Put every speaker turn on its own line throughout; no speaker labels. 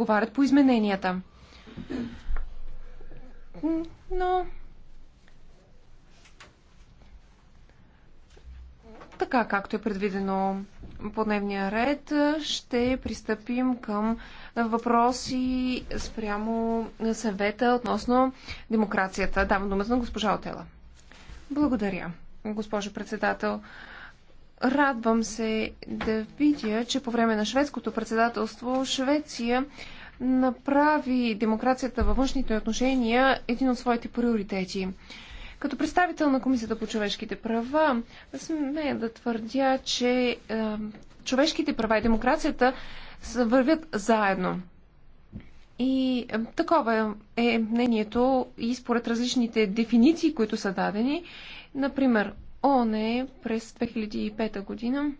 отговарят по измененията. Но така както е предвидено по дневния ред, ще пристъпим към въпроси спрямо съвета относно демокрацията. Давам думата на госпожа Отела. Благодаря, госпожо председател. Радвам се да видя, че по време на шведското председателство Швеция направи демокрацията във външните отношения един от своите приоритети. Като представител на Комисията по човешките права, смея да твърдя, че е, човешките права и демокрацията вървят заедно. И е, такова е мнението и според различните дефиниции, които са дадени. Например, ООН е през 2005 година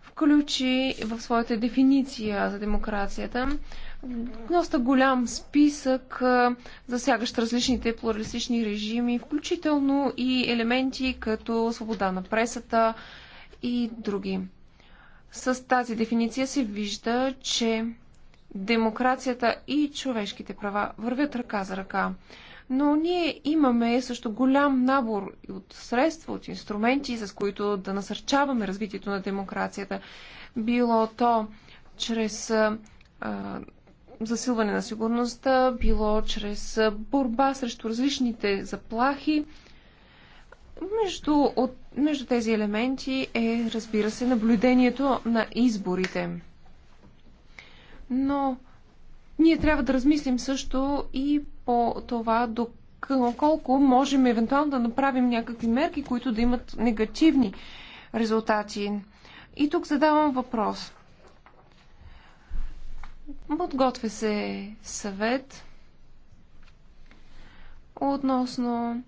включи в своята дефиниция за демокрацията доста голям списък, засягащ различните плуралистични режими, включително и елементи като свобода на пресата и други. С тази дефиниция се вижда, че демокрацията и човешките права вървят ръка за ръка но ние имаме също голям набор от средства, от инструменти, с които да насърчаваме развитието на демокрацията. Било то чрез а, засилване на сигурността, било чрез борба срещу различните заплахи. Между, от, между тези елементи е, разбира се, наблюдението на изборите. Но ние трябва да размислим също и по това колко можем евентуално да направим някакви мерки, които да имат негативни резултати. И тук задавам въпрос. Подготвя се съвет относно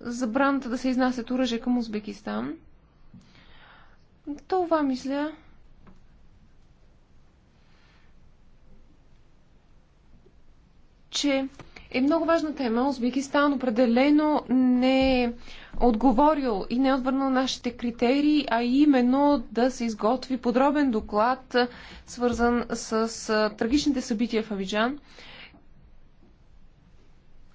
забраната да се изнасят оръжие към Узбекистан. Това мисля че е много важна тема. Узбекистан определено не е отговорил и не е отвърнал нашите критерии, а именно да се изготви подробен доклад, свързан с трагичните събития в Авиджан.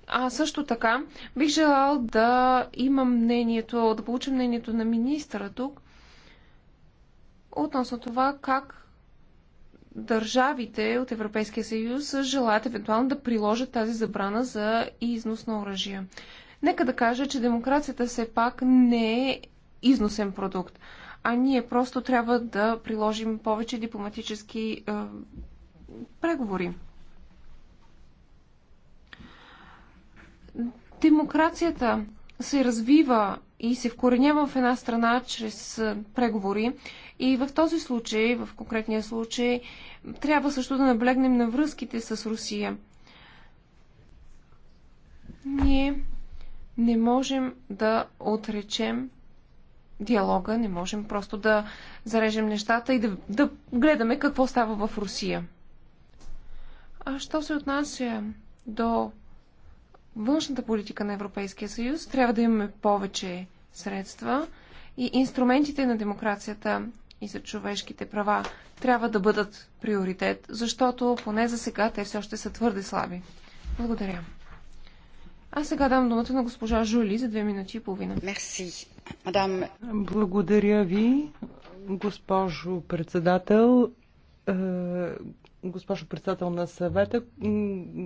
А също така бих желал да имам мнението, да получа мнението на министъра тук относно това как държавите от Европейския съюз желаят евентуално да приложат тази забрана за износ на оръжия. Нека да кажа, че демокрацията все пак не е износен продукт, а ние просто трябва да приложим повече дипломатически е, преговори. Демокрацията се развива и се вкоренява в една страна чрез преговори. И в този случай, в конкретния случай, трябва също да наблегнем на връзките с Русия. Ние не можем да отречем диалога, не можем просто да зарежем нещата и да, да гледаме какво става в Русия. А що се отнася до външната политика на Европейския съюз, трябва да имаме повече средства и инструментите на демокрацията и за човешките права трябва да бъдат приоритет, защото поне за сега те все още са твърде слаби. Благодаря. А сега дам думата на госпожа Жули за две минути и половина. Мерси, мадам.
Благодаря ви, госпожо председател, е, госпожо председател на съвета,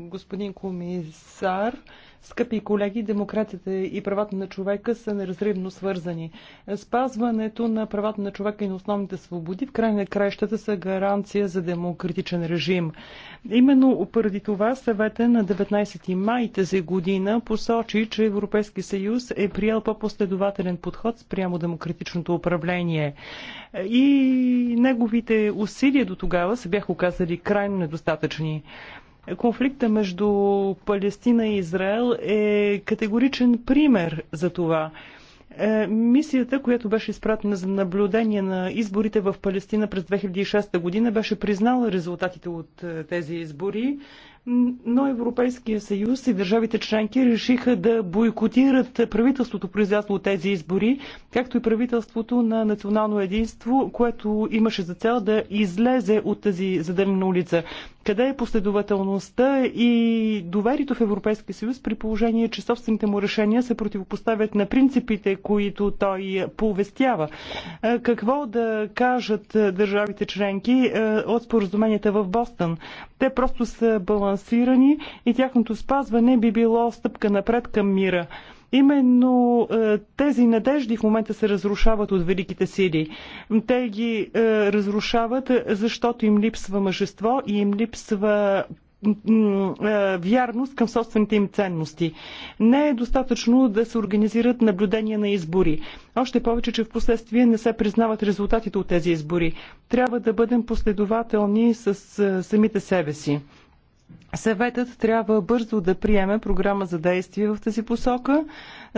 господин комисар, Скъпи колеги, демокрацията и правата на човека са неразривно свързани. Спазването на правата на човека и на основните свободи в край на краищата са гаранция за демократичен режим. Именно поради това съвета на 19 май тази година посочи, че Европейски съюз е приел по-последователен подход спрямо демократичното управление. И неговите усилия до тогава се бяха оказали крайно недостатъчни. Конфликта между Палестина и Израел е категоричен пример за това. Е, мисията, която беше изпратена за наблюдение на изборите в Палестина през 2006 година, беше признала резултатите от е, тези избори, но Европейския съюз и държавите членки решиха да бойкотират правителството, произлязло от тези избори, както и правителството на национално единство, което имаше за цел да излезе от тази задънена улица. Къде е последователността и доверието в Европейския съюз при положение, че собствените му решения се противопоставят на принципите, които той повестява? Какво да кажат държавите членки от споразуменията в Бостън? Те просто са балансирани и тяхното спазване би било стъпка напред към мира. Именно е, тези надежди в момента се разрушават от великите сили. Те ги е, разрушават, е, защото им липсва мъжество и им липсва вярност към собствените им ценности. Не е достатъчно да се организират наблюдения на избори. Още повече, че в последствие не се признават резултатите от тези избори. Трябва да бъдем последователни с самите себе си. Съветът трябва бързо да приеме програма за действие в тази посока,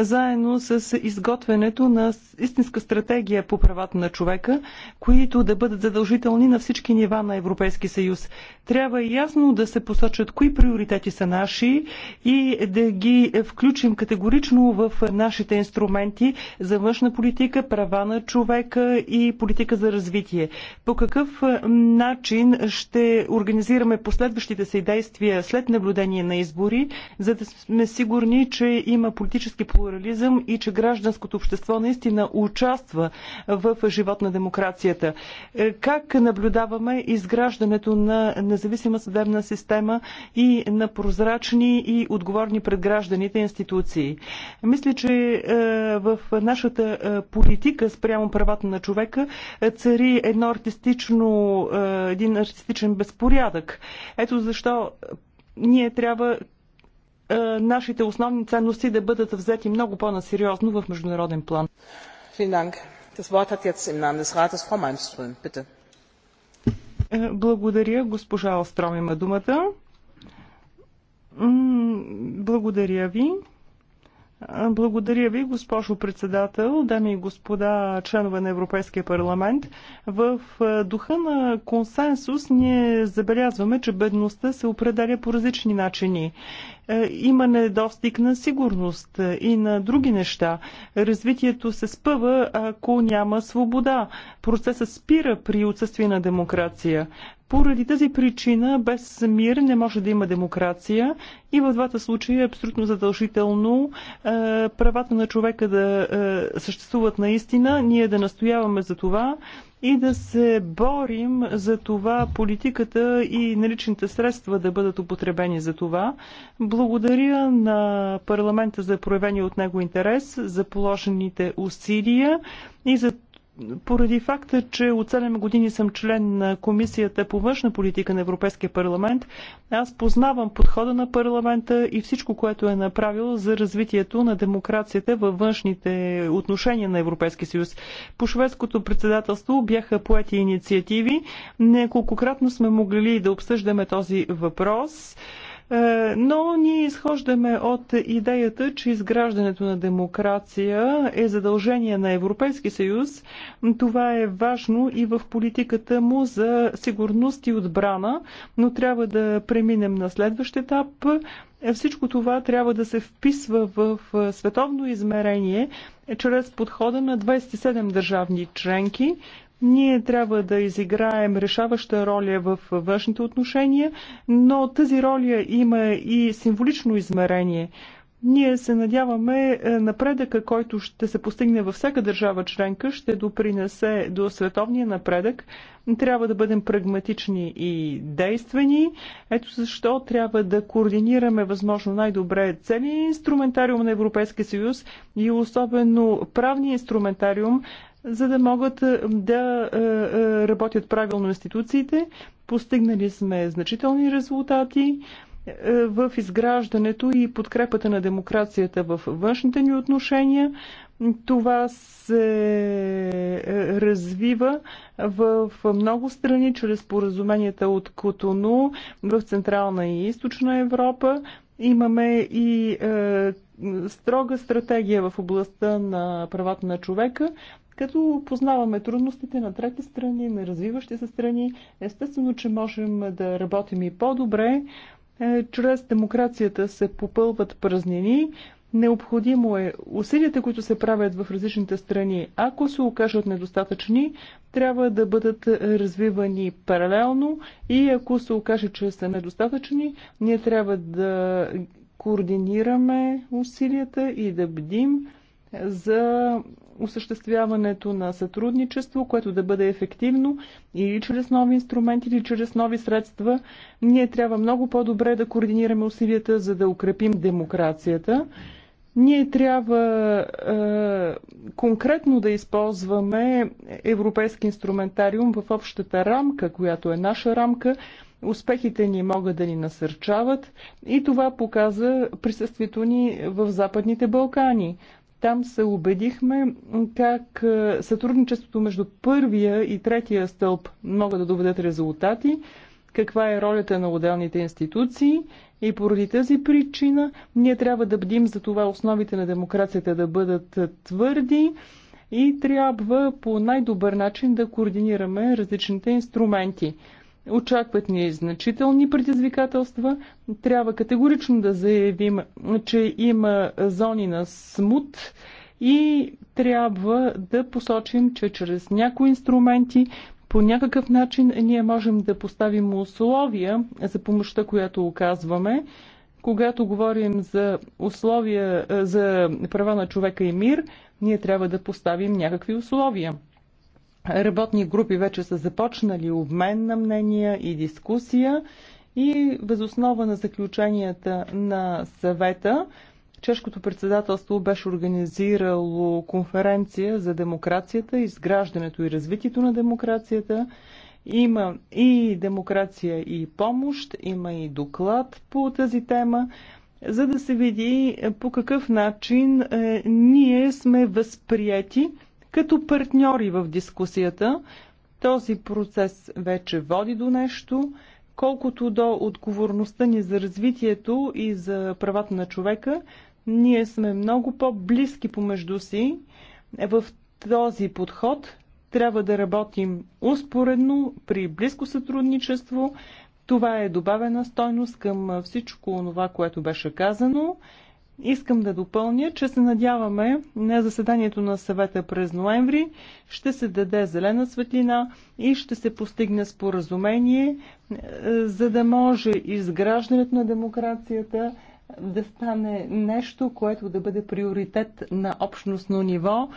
заедно с изготвянето на истинска стратегия по правата на човека, които да бъдат задължителни на всички нива на Европейски съюз. Трябва ясно да се посочат кои приоритети са наши и да ги включим категорично в нашите инструменти за външна политика, права на човека и политика за развитие. По какъв начин ще организираме последващите си действия след наблюдение на избори, за да сме сигурни, че има политически плурализъм плурализъм и че гражданското общество наистина участва в живот на демокрацията. Е, как наблюдаваме изграждането на независима съдебна система и на прозрачни и отговорни пред гражданите институции? Мисля, че е, в нашата е, политика спрямо правата на човека цари едно артистично, един артистичен безпорядък. Ето защо ние трябва е, нашите основни ценности да бъдат взети много по-насериозно в международен план. Е, благодаря. Госпожа Остром има думата. Благодаря ви. Е, благодаря ви, госпожо председател, дами и господа членове на Европейския парламент. В духа на консенсус ние забелязваме, че бедността се определя по различни начини. Е, има недостиг на сигурност е, и на други неща. Развитието се спъва, ако няма свобода. Процесът спира при отсъствие на демокрация. Поради тази причина без мир не може да има демокрация и в двата случая е абсолютно задължително е, правата на човека да е, съществуват наистина, ние да настояваме за това и да се борим за това политиката и наличните средства да бъдат употребени за това. Благодаря на парламента за проявения от него интерес, за положените усилия и за поради факта, че от 7 години съм член на Комисията по външна политика на Европейския парламент, аз познавам подхода на парламента и всичко, което е направил за развитието на демокрацията във външните отношения на Европейския съюз. По шведското председателство бяха поети инициативи. Неколкократно сме могли да обсъждаме този въпрос. Е, но ние изхождаме от идеята, че изграждането на демокрация е задължение на Европейски съюз. Това е важно и в политиката му за сигурност и отбрана, но трябва да преминем на следващ етап е, всичко това трябва да се вписва в е, световно измерение чрез подхода на 27 държавни членки, ние трябва да изиграем решаваща роля в външните отношения, но тази роля има и символично измерение. Ние се надяваме е, напредъка, който ще се постигне във всяка държава членка, ще допринесе до световния напредък. Трябва да бъдем прагматични и действени. Ето защо трябва да координираме възможно най-добре целият инструментариум на Европейския съюз и особено правния инструментариум, за да могат е, да е, е, работят правилно институциите. Постигнали сме значителни резултати в изграждането и подкрепата на демокрацията в външните ни отношения. Това се развива в много страни чрез поразуменията от Котону в Централна и Източна Европа. Имаме и е, строга стратегия в областта на правата на човека като познаваме трудностите на трети страни, на развиващи се страни. Естествено, че можем да работим и по-добре. Е, чрез демокрацията се попълват празнини. Необходимо е усилията, които се правят в различните страни, ако се окажат недостатъчни, трябва да бъдат развивани паралелно и ако се окаже, че са недостатъчни, ние трябва да координираме усилията и да бдим за осъществяването на сътрудничество, което да бъде ефективно или чрез нови инструменти, или чрез нови средства. Ние трябва много по-добре да координираме усилията, за да укрепим демокрацията. Ние трябва е, конкретно да използваме европейски инструментариум в общата рамка, която е наша рамка. Успехите ни могат да ни насърчават и това показа присъствието ни в Западните Балкани. Там се убедихме как е, сътрудничеството между първия и третия стълб могат да доведат резултати, каква е ролята на отделните институции и поради тази причина ние трябва да бдим за това основите на демокрацията да бъдат е, твърди и трябва по най-добър начин да координираме различните инструменти. Очакват ни значителни предизвикателства. Трябва категорично да заявим, че има зони на смут и трябва да посочим, че чрез някои инструменти по някакъв начин ние можем да поставим условия за помощта, която оказваме. Когато говорим за условия за права на човека и мир, ние трябва да поставим някакви условия. Работни групи вече са започнали обмен на мнения и дискусия и възоснова на заключенията на съвета Чешкото председателство беше организирало конференция за демокрацията, изграждането и развитието на демокрацията. Има и демокрация и помощ, има и доклад по тази тема, за да се види по какъв начин е, ние сме възприяти като партньори в дискусията. Този процес вече води до нещо. Колкото до отговорността ни за развитието и за правата на човека, ние сме много по-близки помежду си. В този подход трябва да работим успоредно при близко сътрудничество. Това е добавена стойност към всичко това, което беше казано. Искам да допълня, че се надяваме на заседанието на съвета през ноември ще се даде зелена светлина и ще се постигне споразумение, е, за да може изграждането на демокрацията да стане нещо, което да бъде приоритет на общностно ниво.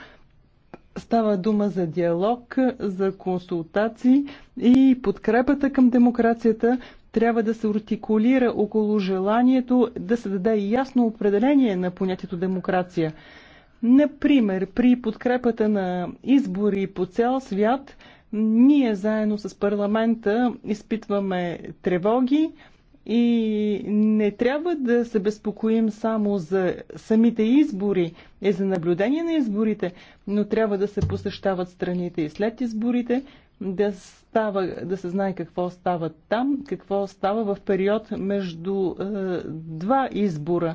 Става дума за диалог, за консултации и подкрепата към демокрацията, трябва да се артикулира около желанието да се даде ясно определение на понятието демокрация. Например, при подкрепата на избори по цял свят, ние заедно с парламента изпитваме тревоги и не трябва да се безпокоим само за самите избори и за наблюдение на изборите, но трябва да се посещават страните и след изборите, да, става, да се знае какво става там, какво става в период между е, два избора.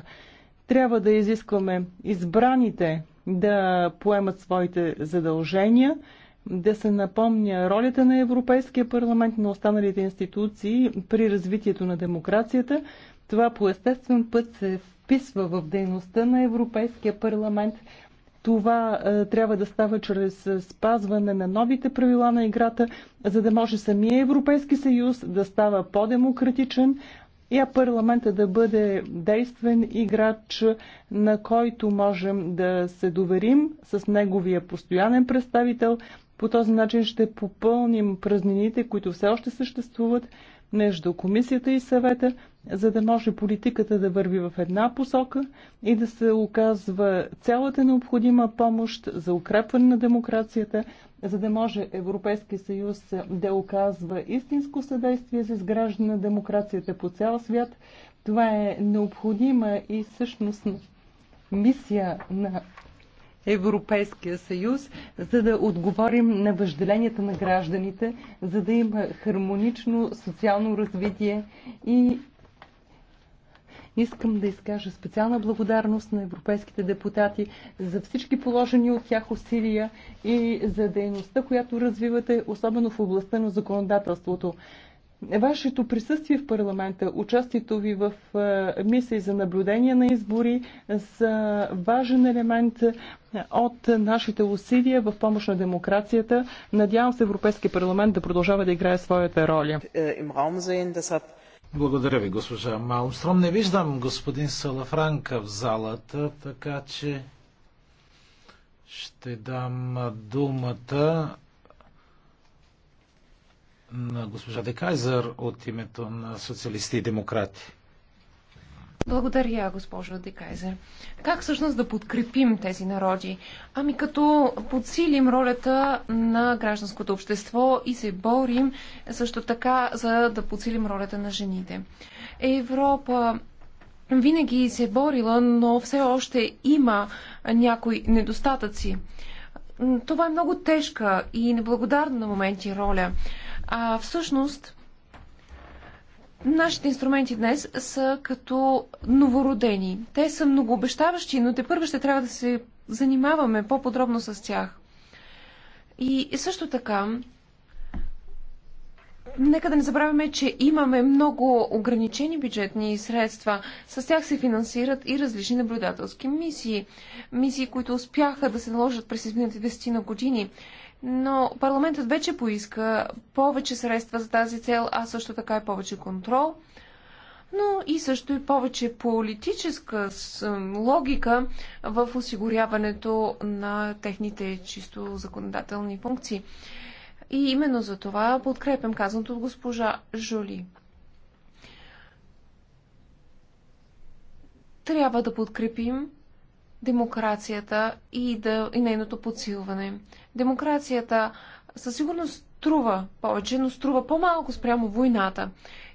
Трябва да изискваме избраните да поемат своите задължения, да се напомня ролята на Европейския парламент, на останалите институции при развитието на демокрацията. Това по естествен път се вписва в дейността на Европейския парламент – това е, трябва да става чрез е, спазване на новите правила на играта, за да може самия Европейски съюз да става по-демократичен, и а парламента да бъде действен играч, на който можем да се доверим с неговия постоянен представител. По този начин ще попълним празнините, които все още съществуват между комисията и съвета за да може политиката да върви в една посока и да се оказва цялата необходима помощ за укрепване на демокрацията, за да може Европейски съюз да оказва истинско съдействие за изграждане на демокрацията по цял свят. Това е необходима и всъщност мисия на Европейския съюз, за да отговорим на въжделенията на гражданите, за да има хармонично социално развитие и Искам да изкажа специална благодарност на европейските депутати за всички положени от тях усилия и за дейността, която развивате, особено в областта на законодателството. Вашето присъствие в парламента, участието ви в е, мисии за наблюдение на избори са важен елемент е, от нашите усилия в помощ на демокрацията. Надявам се Европейския парламент да продължава да играе своята роля.
Е, благодаря ви, госпожа Малмстром. Не виждам господин Салафранка в залата, така че ще дам думата на госпожа Декайзър от името на социалисти и демократи.
Благодаря, госпожо Декайзер. Как всъщност да подкрепим тези народи? Ами като подсилим ролята на гражданското общество и се борим също така за да подсилим ролята на жените. Европа винаги се е борила, но все още има някои недостатъци. Това е много тежка и неблагодарна на моменти роля. А всъщност Нашите инструменти днес са като новородени. Те са многообещаващи, но те първо ще трябва да се занимаваме по-подробно с тях. И също така, нека да не забравяме, че имаме много ограничени бюджетни средства. С тях се финансират и различни наблюдателски мисии. Мисии, които успяха да се наложат през изминалите 10 на години но парламентът вече поиска повече средства за тази цел, а също така и повече контрол, но и също и повече политическа логика в осигуряването на техните чисто законодателни функции. И именно за това подкрепям казаното от госпожа Жоли. Трябва да подкрепим демокрацията и, да, и нейното подсилване. Демокрацията със сигурност струва повече, но струва по-малко спрямо войната.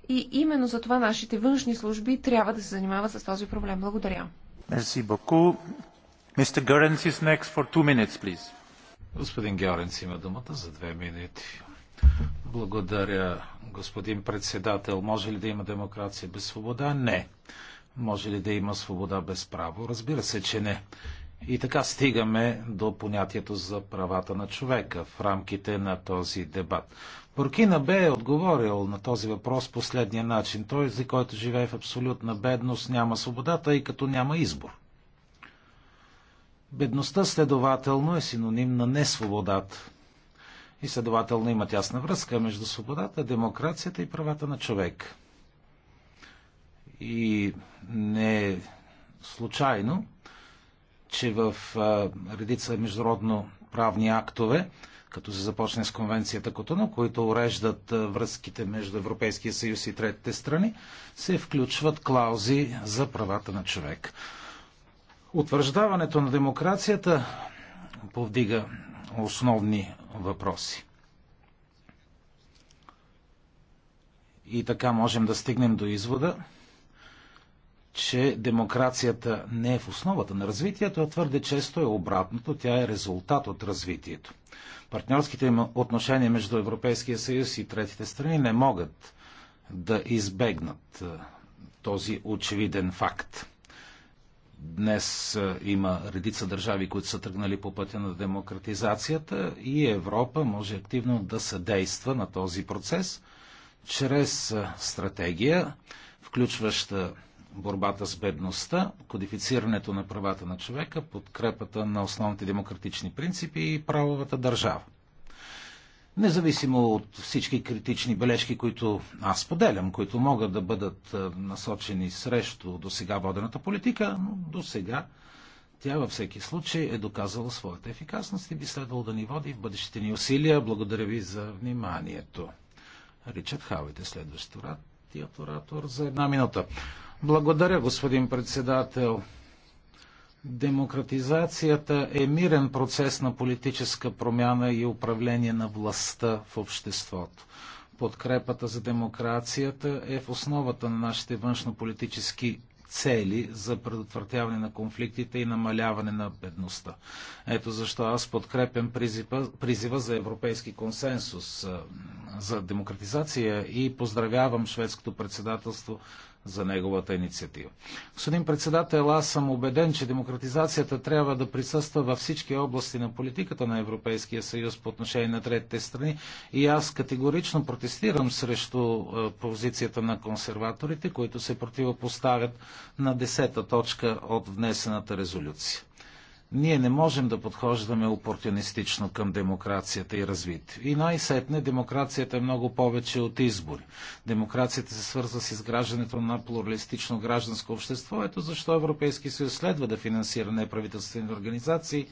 И именно за това нашите външни служби трябва да се занимават с този проблем. Благодаря.
Merci Mr. is next for two minutes, please. Господин Георенс, има думата за две минути. Благодаря, господин председател. Може ли да има демокрация без свобода? Не. Може ли да има свобода без право? Разбира се, че не. И така стигаме до понятието за правата на човека в рамките на този дебат. Буркина бе е отговорил на този въпрос последния начин. Той, за който живее в абсолютна бедност, няма свобода, тъй като няма избор. Бедността, следователно, е синоним на несвободата. И следователно има тясна връзка между свободата, демокрацията и правата на човек. И не е случайно, че в редица международно правни актове, като се започне с конвенцията Котоно, които уреждат връзките между Европейския съюз и третите страни, се включват клаузи за правата на човек. Утвърждаването на демокрацията повдига основни въпроси. И така можем да стигнем до извода, че демокрацията не е в основата на развитието, а твърде често е обратното. Тя е резултат от развитието. Партньорските отношения между Европейския съюз и третите страни не могат да избегнат е, този очевиден факт. Днес е, има редица държави, които са тръгнали по пътя на демократизацията и Европа може активно да съдейства на този процес чрез е, стратегия, включваща борбата с бедността, кодифицирането на правата на човека, подкрепата на основните демократични принципи и правовата държава. Независимо от всички критични бележки, които аз поделям, които могат да бъдат насочени срещу до сега водената политика, но до сега тя във всеки случай е доказала своята ефикасност и би следвало да ни води в бъдещите ни усилия. Благодаря ви за вниманието. Ричард Хауит е следващия оратор за една минута. Благодаря, господин председател. Демократизацията е мирен процес на политическа промяна и управление на властта в обществото. Подкрепата за демокрацията е в основата на нашите външнополитически цели за предотвратяване на конфликтите и намаляване на бедността. Ето защо аз подкрепям призива, призива за европейски консенсус за демократизация и поздравявам шведското председателство за неговата инициатива. Господин председател, аз съм убеден, че демократизацията трябва да присъства във всички области на политиката на Европейския съюз по отношение на третите страни и аз категорично протестирам срещу е, позицията на консерваторите, които се противопоставят на десета точка от внесената резолюция. Ние не можем да подхождаме опортунистично към демокрацията и развитие. И най-сетне демокрацията е много повече от избори. Демокрацията се свързва с изграждането на плуралистично гражданско общество. Ето защо Европейски съюз следва да финансира неправителствени организации,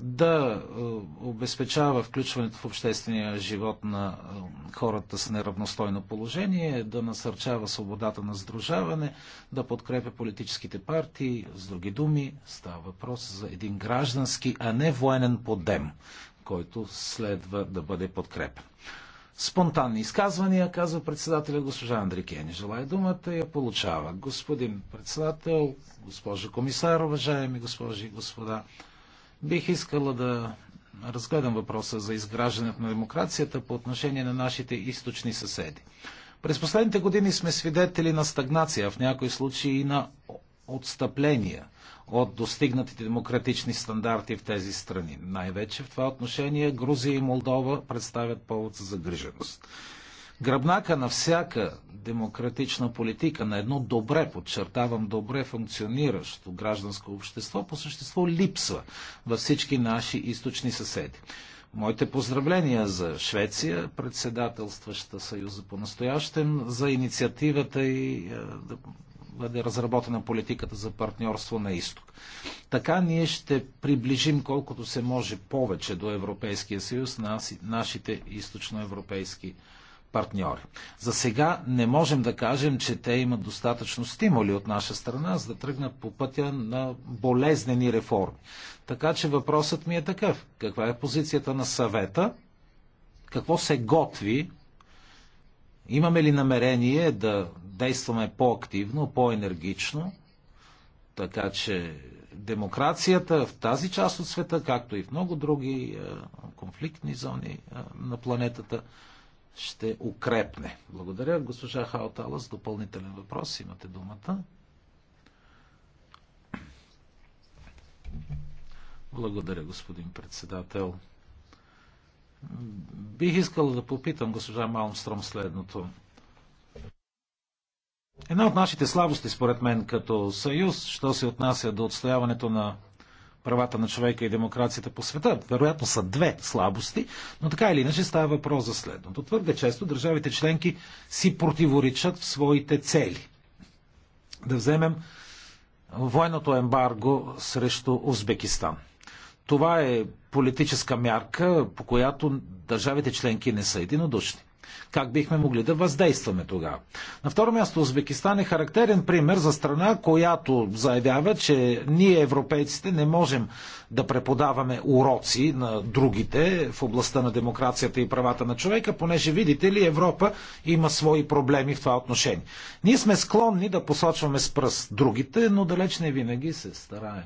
да е, обезпечава включването в обществения живот на е, хората с неравностойно положение, да насърчава свободата на сдружаване, да подкрепя политическите партии. С други думи, става въпрос за един граждански, а не военен подем, който следва да бъде подкрепен. Спонтанни изказвания, казва председателя госпожа Кени. Желая думата я получава. Господин председател, госпожо комисар, уважаеми госпожи и господа, Бих искала да разгледам въпроса за изграждането на демокрацията по отношение на нашите източни съседи. През последните години сме свидетели на стагнация, в някои случаи и на отстъпления от достигнатите демократични стандарти в тези страни. Най-вече в това отношение Грузия и Молдова представят повод за загриженост. Гръбнака на всяка демократична политика, на едно добре, подчертавам, добре функциониращо гражданско общество, по същество липсва във всички наши източни съседи. Моите поздравления за Швеция, председателстваща Съюза по настоящен за инициативата и е, да бъде разработена политиката за партньорство на изток. Така ние ще приближим колкото се може повече до Европейския съюз на нашите източноевропейски европейски партньори. За сега не можем да кажем, че те имат достатъчно стимули от наша страна, за да тръгнат по пътя на болезнени реформи. Така че въпросът ми е такъв. Каква е позицията на съвета? Какво се готви? Имаме ли намерение да действаме по-активно, по-енергично? Така че демокрацията в тази част от света, както и в много други е, конфликтни зони е, на планетата, ще укрепне. Благодаря. Госпожа Хаотала с допълнителен въпрос. Имате думата. Благодаря, господин председател. Бих искал да попитам госпожа Малмстром следното. Една от нашите слабости, според мен, като съюз, що се отнася до отстояването на правата на човека и демокрацията по света. Вероятно са две слабости, но така или иначе става въпрос за следното. Твърде често държавите членки си противоречат в своите цели. Да вземем военното ембарго срещу Узбекистан. Това е политическа мярка, по която държавите членки не са единодушни. Как бихме могли да въздействаме тогава? На второ място, Узбекистан е характерен пример за страна, която заявява, че ние, европейците, не можем да преподаваме уроци на другите в областта на демокрацията и правата на човека, понеже, видите ли, Европа има свои проблеми в това отношение. Ние сме склонни да посочваме с пръст другите, но далеч не винаги се стараем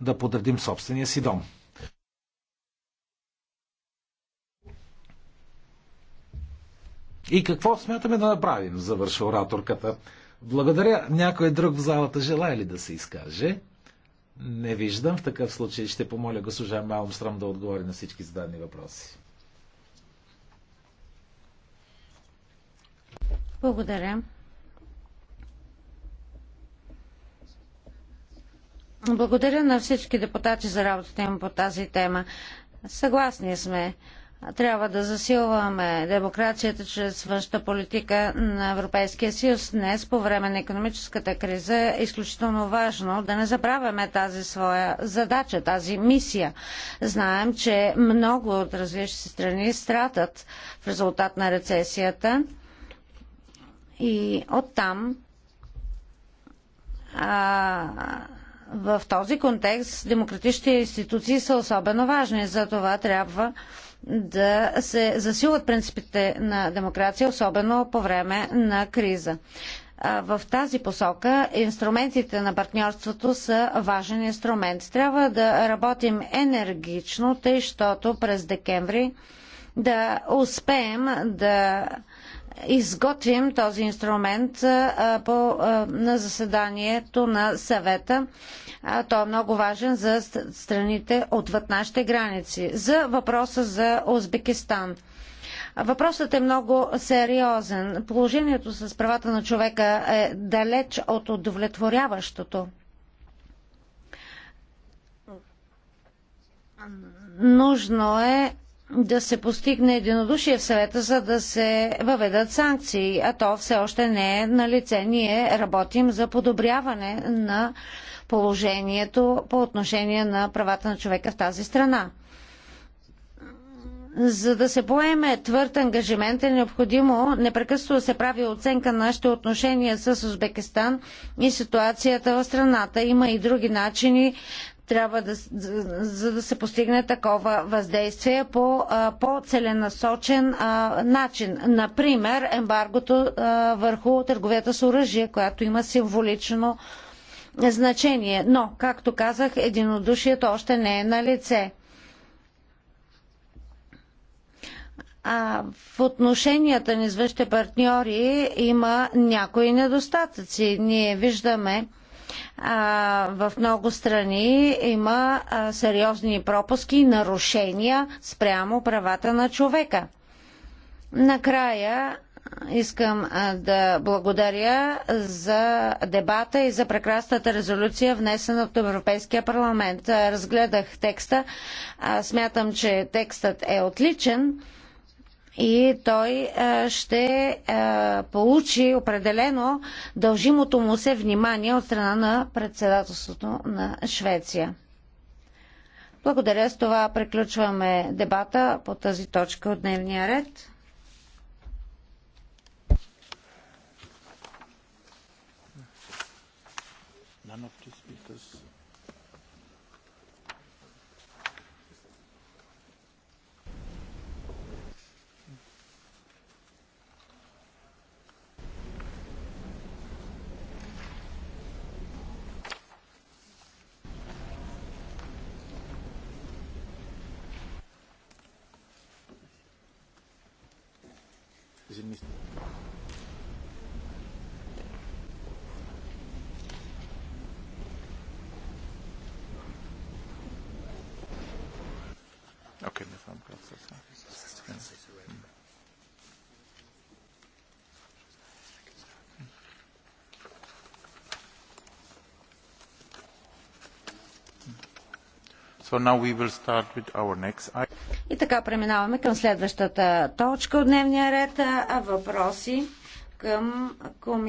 да подредим собствения си дом. И какво смятаме да направим, завършва ораторката. Благодаря. Някой друг в залата желая ли да се изкаже? Не виждам. В такъв случай ще помоля госпожа Малмстрам да отговори на всички зададени въпроси.
Благодаря. Благодаря на всички депутати за работата им по тази тема. Съгласни сме трябва да засилваме демокрацията чрез външната политика на Европейския съюз. Днес, по време на економическата криза, е изключително важно да не забравяме тази своя задача, тази мисия. Знаем, че много от различни страни стратат в резултат на рецесията и оттам а, в този контекст демократичните институции са особено важни. За това трябва да се засилват принципите на демокрация, особено по време на криза. В тази посока инструментите на партньорството са важен инструмент. Трябва да работим енергично, тъй, защото през декември да успеем да изготвим този инструмент по, на заседанието на съвета. Той е много важен за страните отвъд нашите граници. За въпроса за Узбекистан. Въпросът е много сериозен. Положението с правата на човека е далеч от удовлетворяващото. Нужно е да се постигне единодушие в съвета, за да се въведат санкции, а то все още не е на лице. Ние работим за подобряване на положението по отношение на правата на човека в тази страна. За да се поеме твърд ангажимент е необходимо непрекъснато да се прави оценка на нашите отношения с Узбекистан и ситуацията в страната. Има и други начини трябва да, за да се постигне такова въздействие по по-целенасочен начин. Например, ембаргото а, върху търговията с оръжие, която има символично значение. Но, както казах, единодушието още не е на лице. А в отношенията ни с външните партньори има някои недостатъци. Ние виждаме, в много страни има сериозни пропуски и нарушения спрямо правата на човека. Накрая искам да благодаря за дебата и за прекрасната резолюция, внесена от Европейския парламент. Разгледах текста. Смятам, че текстът е отличен и той ще получи определено дължимото му се внимание от страна на председателството на Швеция. Благодаря. С това приключваме дебата по тази точка от дневния ред.
Okay, no problem. So now we will start with our next item.
И така преминаваме към следващата точка от дневния ред. Въпроси към комисията.